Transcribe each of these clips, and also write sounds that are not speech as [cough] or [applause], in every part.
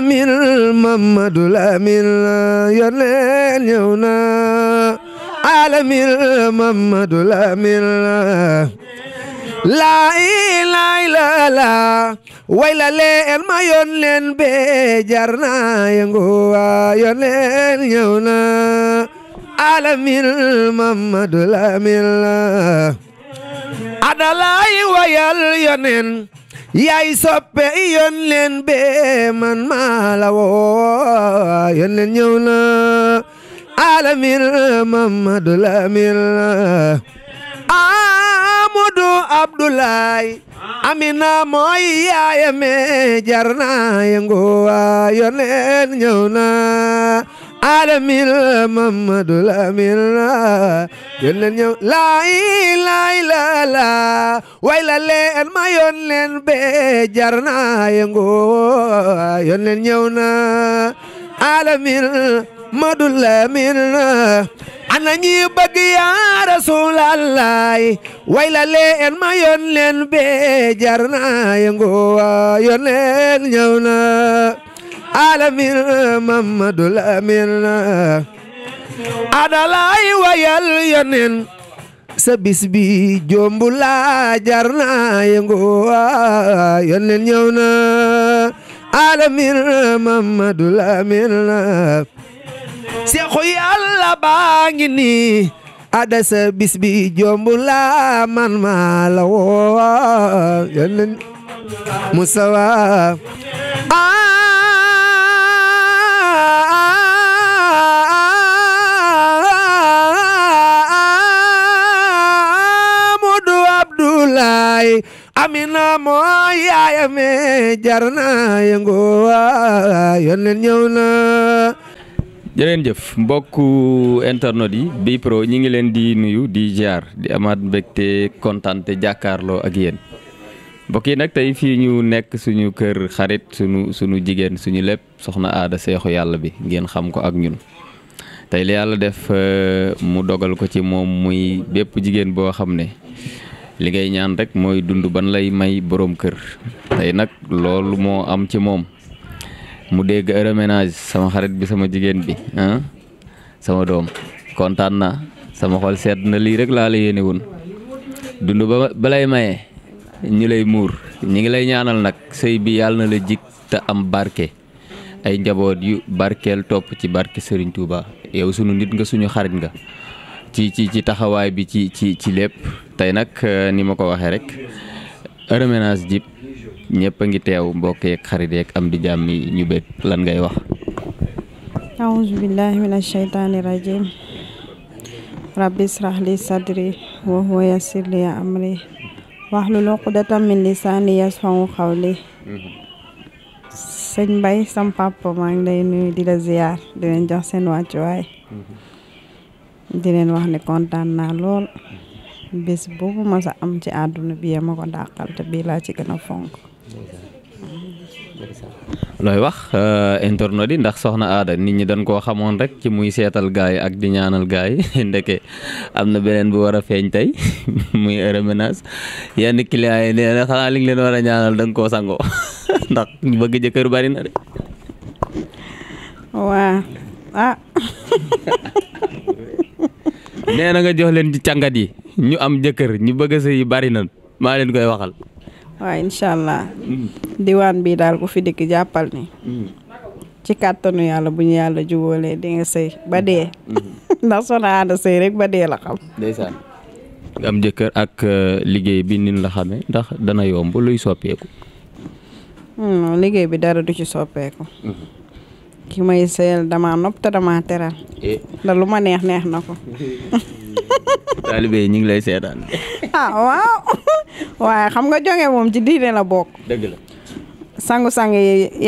Lamin Mamadou Lamin yoneen ñëw na alamin Mamadou laa ilaha illallah ma yoneen be jar na yëngu waa yoneen ñëw na alamin adalay wayal yoneen yaay soppe yoon leen man maa la woo yoon leen ñëw na alamir Mamadou Lamir Amadou Abdoulaye Amina mooy yaayame jarna yëngu waa yoon leen ñëw na alamil mamadou lamil yoon leen ñëw laay la way la leen ma yoon leen be jar na yëngu yoon leen ñëw na alamil mamadou lamil ana ñi bëgg yaa rasulallah way la leen ma yoon leen be jar na yëngu yoon leen ñëw na alamin mamadul amin adalaay wayal yonen sa bis jombu la jar na yengo yonen ñëw na alamin mamadul amin seexu yàlla baa ngi ni ada sa bis bi jombu la man la woo yonen musawa laay amina mooy yaayame jar na yëngu waay yónneen ñëw na jërëjëf mbokku internet yi Bprod ñi ngi leen di nuyu di jaar di amaat mbégte kontaan te jàkkaarloo ak yéen mbokk yi nag tey fii ñu nekk suñu kër xarit suñu suñu jigéen suñu lépp soxna aada seexu yàlla bi ngeen xam ko ak ñun tey li yàlla def euh, mu dogal ko ci moom muy bépp jigéen boo xam ne li ngay ñaan rek mooy dund ban lay may boroom kër tey nag loolu moo am ci moom mu dégg heure ménage sama xarit bi sama jigéen bi ah, sama doom kontaan na sama xol sedd na lii rek laa la yéene woon dund ba balay maye ñu lay muur ñu ngi lay ñaanal nag sëy bi yàlla na la jig te am barke ay njaboot yu barkeel topp ci barke sëriñ Touba yow sunu nit nga suñu xarit nga ci ci ci taxawaay bi ci ci ci lépp tey nag euh, ni ma ko waxee rek reménage jib ñëpp a ngi teew mbokk xarit yeeg am di jàmm yi ñu bég lan ngay wax aouzu billahi min asheytaani rajim rabbi israh li sadri wa huwa yassir li amri waxlul uqdatam min lisaani yasfahu xawli sëñ Mbay sam papa maa ngi lay nuyu di la ziyaar di leen jox seen wàccuwaay mhm. di leen wax ne kontaan naa lool bés boobu ma sa am ci àdduna bi ma ko te bii laa ci gën a fonk. looy wax euh, internautes yi ndax soxna aada nit ñi dañ koo xamoon rek ci muy seetal gaay ak di ñaanal gaay [laughs] ndeke am na beneen bu war a feeñ tey [laughs] muy reménage yenn clients yi nee na xanaa ñaanal da koo sango [laughs] ndax ñu bëgg jëkkër bari na de. waa ah. nee nga jox leen ci càngat yi. ñu am jëkkër ñu bëgg sëy yi bari na maa leen koy waxal. waaw incha allah. diwaan bii daal ku fi dikk jàppal ni mm-hmm. ci kàttanu yàlla bu ñu yàlla jubóolee di nga sëy ba dee. Mm-hmm. [laughs] ndax soo na ànd sëy rek ba dee la xam. ndeysaan nga am jëkkër ak euh, liggéey bi nin la xamee ndax yomb luy soppeeku. Hmm, liggéey bi dara du ci soppeeku. Mm-hmm. ki may sëyal dama nopp te dama teral. Eh. ndax lu ma neex neex na ko. [laughs] taalibe yi ñu ngi lay seetaan. Ah, waaw waaye xam nga jonge moom ci diine la bokk. dëgg sangu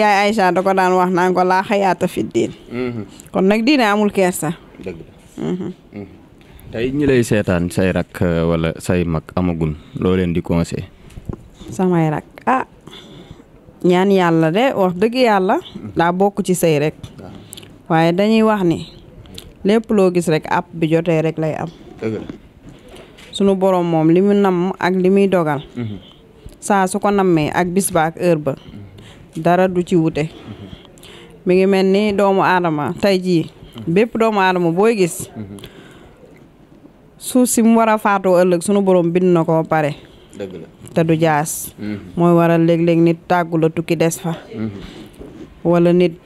yaay Aïcha da ko daan wax naan ko laa xayaata fi mhm. kon nag diine amul kersa. dëgg la. Mhm. Mhm. tey lay seetaan say rak euh, wala say mag amagun loo leen di conseil samay rak ah ñaan yàlla de wax dëgg yàlla. daa bokk ci say rek. Ah. waaye dañuy wax ni lépp loo gis rek app bi jotee rek lay am. sunu borom moom li mu namm ak li muy dogal mhm. saa su ko nammee ak bis ba ak heure ba dara du ci wute mhm. mi ngi mel ni doomu aadama tey jii mhm. bépp doomu aadama booy gis su si mu war a faatoo ëllëg sunu borom bind na ko pare te du jaas mooy waral léeg-léeg nit tàggu tukki des fa wala nit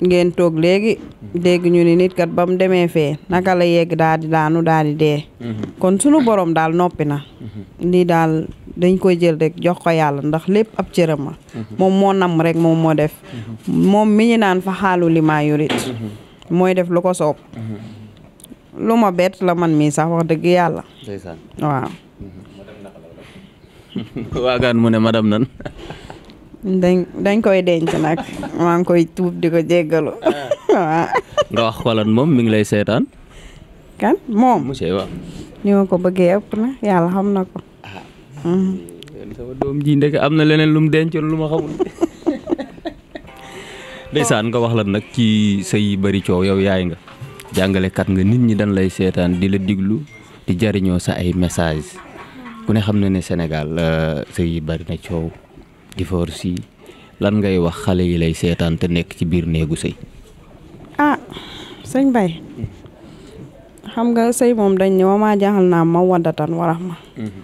ngeen toog léegi dégg ñu ni nit kat ba mu demee fee naka la yegg daal daanu daal di dee mhm. kon sunu borom daal noppi na mhm. lii daal dañ koy jël rek jox ko yàlla ndax lépp ab cëram la mhm. moom moo nam rek moom moo def moom mi ñu naan fa xaalu li maa mooy def lu ko soob lu ma bett la man mii sax wax dëgg yàlla waaw [laughs] waagaan mu ne madame nan [laughs] dañ dañ koy denc nag maa ngi koy tuub di ko jéggalu waaw. [laughs] nga wax ko lan moom mu ngi lay seetaan. kan moom monsieur waaw. ko bëggee ëpp na yàlla xam na ko. doom ji ndeke am na leneen lu mu dencoon lu ma xamul. [laughs] ndeysaan nga wax lan nag ci say bari coow yow yaay nga jàngale kat nga nit ñi dañ lay seetaan di la diglu di jariñoo sa ay message ku ne xam na ne senegal Sénégal euh, say bari na coow. divorce yi lan ngay wax xale yi lay seetaan te nekk ci biir néegu sëy ah sëñ Baye xam nga sëy moom dañ ne wamaa jaaxal naa ma waddatan warax ma mhm.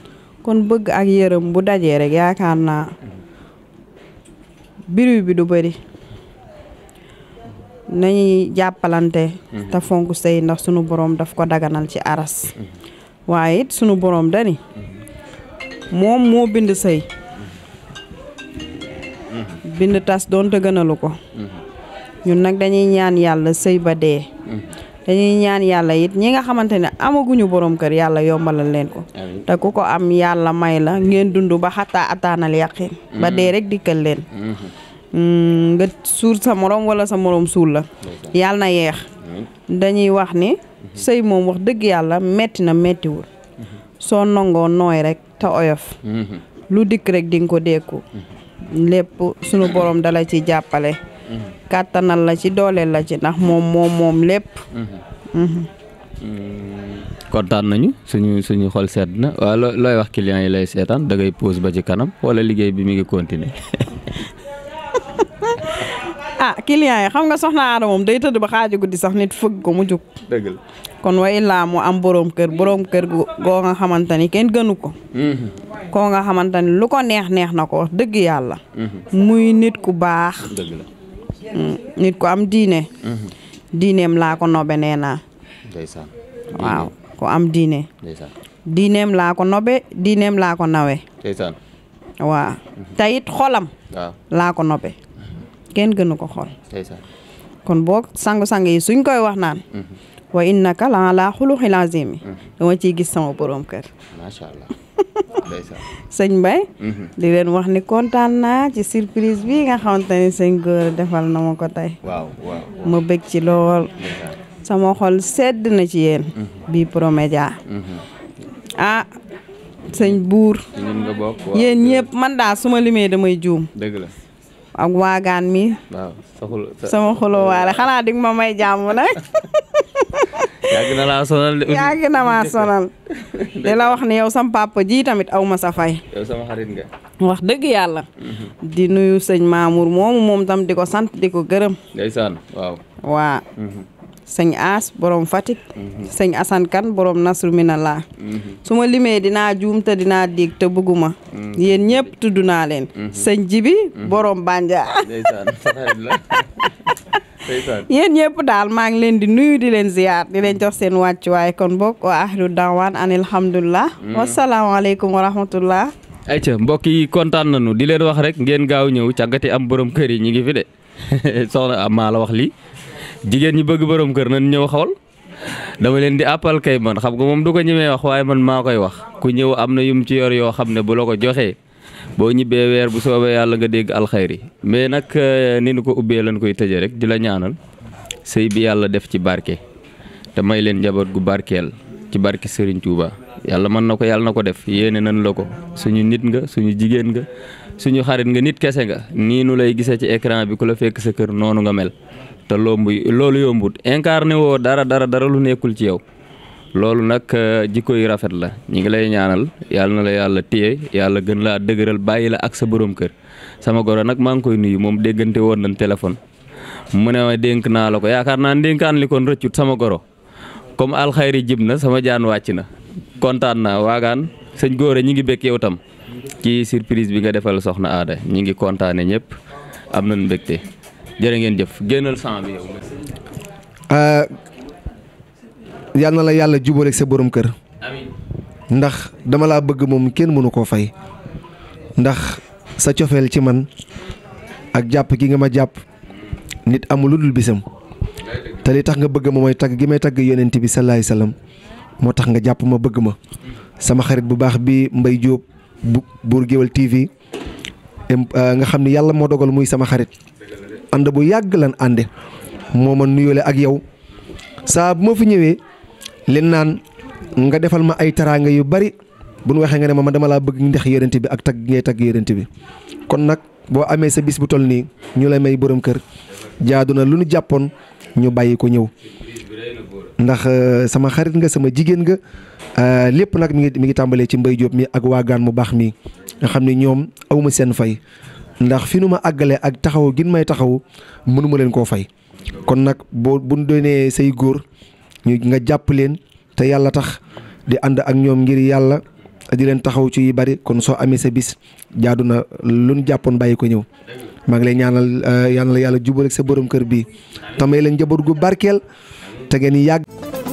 kon bëgg ak yërëm bu dajee rek yaakaar naa mhm. biru bi du bëri nañuy jàppalante mhm. te fonk sëy ndax sunu borom daf ko daganal ci aras waaye it sunu borom dani moom moo bind sëy bind tas doonte gënalu ko ñun nag dañuy ñaan yàlla sëy ba dee dañuy ñaan yàlla yit ñi nga xamante ne amaguñu borom kër yàlla yombalal leen ko te ku ko am yàlla may la ngeen dund ba xataa ataanal yàqin ba dee rek dikkal leen mm, nga suur sa morom wala sa morom suul la yàlla na yeex dañuy wax ni sëy moom wax dëgg yàlla metti na mettiwul mm-hmm. soo nangoo nooy rek te oyof mm-hmm. lu dikk rek di nga ko dékku mm-hmm. lépp suñu borom dala ci jàppale mm-hmm. kàttanal la ci dooleel la ci ndax moom moom moom lépp mm-hmm. Mm-hmm. kontaan nañu suñu suñu xol sedd na waaw looy wax client yi lay seetaan da ngay ba ci kanam wala liggéey bi mu ngi continuer [laughs] ah client yi xam nga soxna Aada moom day tëdd ba xaaju guddi sax nit fëgg ko mu jóg dëgg kon wa illaa mu am borom kër borom kër goo nga xamante ni kenn gënu ko mm-hmm. koo nga xamante ni lu ko neex neex na ko wax dëgg yàlla mm-hmm. muy nit ku baax mm, nit ku am diine mm-hmm. diineem laa ko nobe nee naa ndeysaan diine diineem laa ko nobe diineem laa ko nawe ndeysaan waaw tayit xolam laa ko nobe kenn gënu ko xol kon boo sangu-sang suñ koy wax naan wa innaka la ala xuluxil azimi dama ciy gis sama borom kër macha allah [laughs] sëñ Mbaye mhm. di leen wax ni kontaan naa ci surprise bi nga xamante ni sëñ góor defal na ma ko tey waaw waaw ma bëgg ci lool sama xol sedd na ci yéen mhm. bii promédia mhm. ah sëñ buur yéen ñëpp man daa su ma limee damay juum dëgg la ak waagaan mi sama xulo waale xanaa dig ma may jàmm nag [laughs] yàgg na laa sonal de. [laughs] la wax ne yow sam papa ji tamit aw ma sa fay. wax dëgg yàlla. Mhm. di nuyu sëñ Mamour moomu moom tam di ko sant di ko gërëm. ndeysaan waaw. waa. Mhm. sëñ As borom Fatick. Mhm. sëñ Assane Kane borom Nasru Minallah. su ma limee dinaa juum te dinaa dig te bëgguma. yéen ñëpp tudd naa leen. sëñ Jibi borom Banja. [laughs] yéen ñëpp daal maa ngi leen di nuyu di leen ziyaar di leen jox seen wàccuwaay kon bokk wa ahlu dawaan an alhamdulilah mm. wasalaamaaleykum wa rahmatullah ayca mbokk yi kontaan nañu di leen wax rek ngeen gaaw ñëw càggati am borom kër yi ñu ngi fi de [laughs] soxna maa la wax lii jigéen ñi bëgg borom kër nañ ñëw xool dama leen di àppal kay man xam ko moom du ko ñemee wax waaye man maa koy wax ku ñëw am na yum ci yor yoo xam ne bu la ko joxee boo ñibbee weer bu soobee yàlla nga dégg alxayri mais nag euh, ni nu ko ubbee lan koy tëjee rek di la ñaanal sëy bi yàlla def ci barke te may leen njaboot gu barkeel ci barke Serigne Touba yàlla mën na ko yàlla na ko def yéene nañ la ko suñu nit nga suñu jigéen nga suñu xarit nga nit kese nga nii nu lay gisee ci écran bi ku la fekk sa kër noonu nga mel te lombu loolu yombut incarné woo dara dara dara lu nekkul ci yow. loolu nag euh, jikko yu rafet la ñu ngi lay ñaanal yàlla na la yàlla téye yàlla gën laa dëgëral bàyyi la ak sa borom kër sama goro nag maa ngi koy nuyu moom déggante woon nañ téléphone mu ne ma dénk naa la ko yaakaar naa ndénkaan li kon rëccut sama goro comme alxayri jib na sama jaan wàcc na kontaan naa waagaan sëñ góor ñu ngi bekk yow tam ci surprise bi nga defal soxna aada ñu ngi kontaane ñëpp am nañ mbégte jërë ngeen jëf génnal sang bi yow. Euh, yal na la yàlla jubaleeg sa borom kër. ndax dama laa bëgg moom kenn mënu koo fay. ndax sa cofeel ci man ak jàpp gi nga ma jàpp nit amul lu dul bisam. te li tax nga bëgg ma mooy tagg gi may tagg yonent bi salaay salaam moo tax nga jàpp ma bëgg ma. sama xarit bu baax bi Mbaye Diop bu Buur Géwal TV euh, nga xam ni yàlla moo dogal muy sama xarit ànd bu yàgg lan ànde moo ma nuyoole ak yow saa bu ma fi ñëwee leen naan nga defal ma ay taraanga yu bari bu nu waxee nga ne ma dama laa bëgg ndex yërënt bi ak tag ngay tag yërënt bi kon nag boo amee sa bis bu toll nii ñu la may borom kër jaadu na lu nu jàppoon ñu bàyyi ko ñëw ndax euh, sama xarit nga sama jigéen nga euh, lépp nag mi ngi mi ngi tàmbalee ci Mbaye Diop mi ak waagaan mu baax mii nga xam ni ñoom awma seen fay ndax fi nu ma àggalee ak taxaw gin may taxaw mënuma leen koo fay kon nag boo bu dee doonee say góor ñu nga jàpp leen te yàlla tax di ànd ak ñoom ngir yàlla di leen taxaw ci yu kon soo amee sa bis jaadu na luñ jàppoon bàyyi ko ñëw maa ngi lay ñaanal eh, yal na yàlla jubal sa borom kër bi tamay leen njaboot gu barkeel te ngeen yàgg.